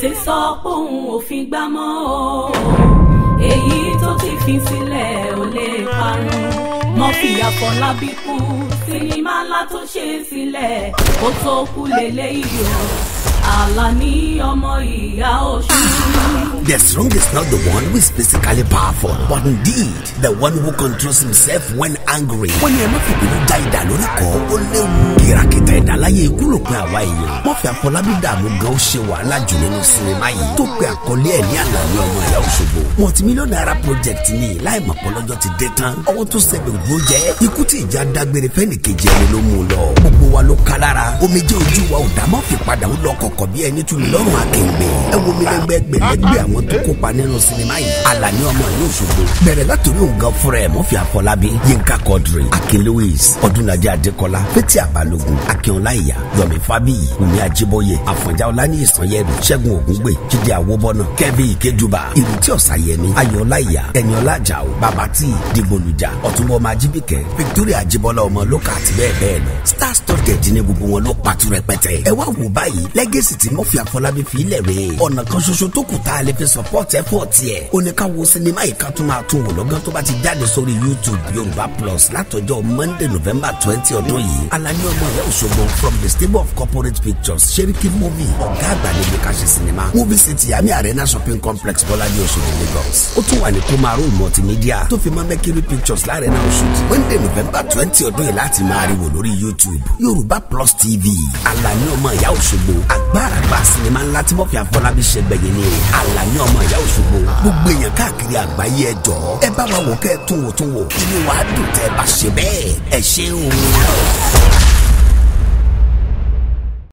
ṣe sọ póun òfin gbá mọ́ o èyí tó ti fi sílẹ̀ ò lè parun mọ́ fìyà Fọlábí kú sinimá ńlá tó ṣe sílẹ̀ kó tó kú lélẹ́yìí o Àlàní ọmọ The strongest is not the one who is physically powerful, but indeed the one who controls himself when angry. Wọ́n ní ẹ má fi ìdá lórí kọ́, ó léwu. Kìràkìtà ìdáláyé ikú ló pe àwa èèyàn. Wọ́n fi Àfọlábí dààmú gan ó ṣe wàhálà jù nínú sinimá yìí. Tó pe àkọlé ẹ̀ ní àlàyé ọmọ ìyá Òṣogbo. Multimillion naira project ni láì mọ̀ pé lọ́jọ́ ti dé tán. Ọwọ́ tó sẹ́gbẹ̀ òdúró Ikú tí ìjà dágbére fẹ́ni kejì ẹni ló mú lọ. Gbogbo wa ló ká lára. Omijé ojú wa ò àwọn tó kópa nínú sinimá yìí Alani ọmọ ìlú Òṣogbo bẹ̀rẹ̀ látòrí òǹgan fúnra ẹ̀ Murphy Afọlábí Yínká Quadri Akin Lewis Ọdúnladé Adékọlá Fẹ́tí Àbálògùn Akínọlá Ìyá Yomi Fábíyì Wùmí Ajíbóyè Àfọ̀njá Ọláníyì Sanyẹ́rù Ṣẹ́gun Ògúngbè Jídé Àwòbọ́nà Kẹ́bí Ìkejùbà Ìrètí Ọ̀sàyẹmí Ayọ̀ọlá Ìyá Ẹniọlá Àjàó Babatí Dìgbòlùjà Ọ̀túnbọ̀ majibike. Ajíbíkẹ́ Victoria Ajíbọ́lá ọmọ Lókà àti bẹ́ẹ̀ bẹ́ẹ̀ lọ star studded ní gbogbo wọn ló patu rẹpẹtẹ ẹ wá wò báyìí lẹ́gẹ̀sì tí Murphy Afọlábí fi ilẹ̀ rèé ọ̀nà kan ṣoṣo tó kù tá a lè fi fi support effort yẹ ó ní ká sinimá yìí ká tún máa tún wò lọ́gán tó bá ti jáde sórí youtube yorùbá plus látọjọ́ monday november twenty ọdún yìí alani ọmọ rẹ òṣogbo from the stable of corporate pictures seriki movie ọ̀gá àgbà níbi ká ṣe sinimá movie city àmì arena shopping complex bọ́lájí òṣogbo lagos ó tún wà ní kumaro multimedia tó fi mọ́ mercury pictures lárẹ̀ná òṣogbo monday november twenty ọdún yìí láti máa rí wò lórí youtube yorùbá plus tv alani ọmọ ìyá òṣogbo àgbàràgbà sinimá ńlá tí mọ́fì àfọlábí ṣe gbẹ̀yìn ní alani ẹ̀yin ọmọ ìyá Òṣogbo gbogbo èèyàn káàkiri àgbáyé ẹ jọ̀ọ́ ẹ bá wa wò kẹ́ ẹ tún wò tún wò inú wa dùn tẹ́ bá ṣe bẹ́ẹ̀ ẹ ṣeun.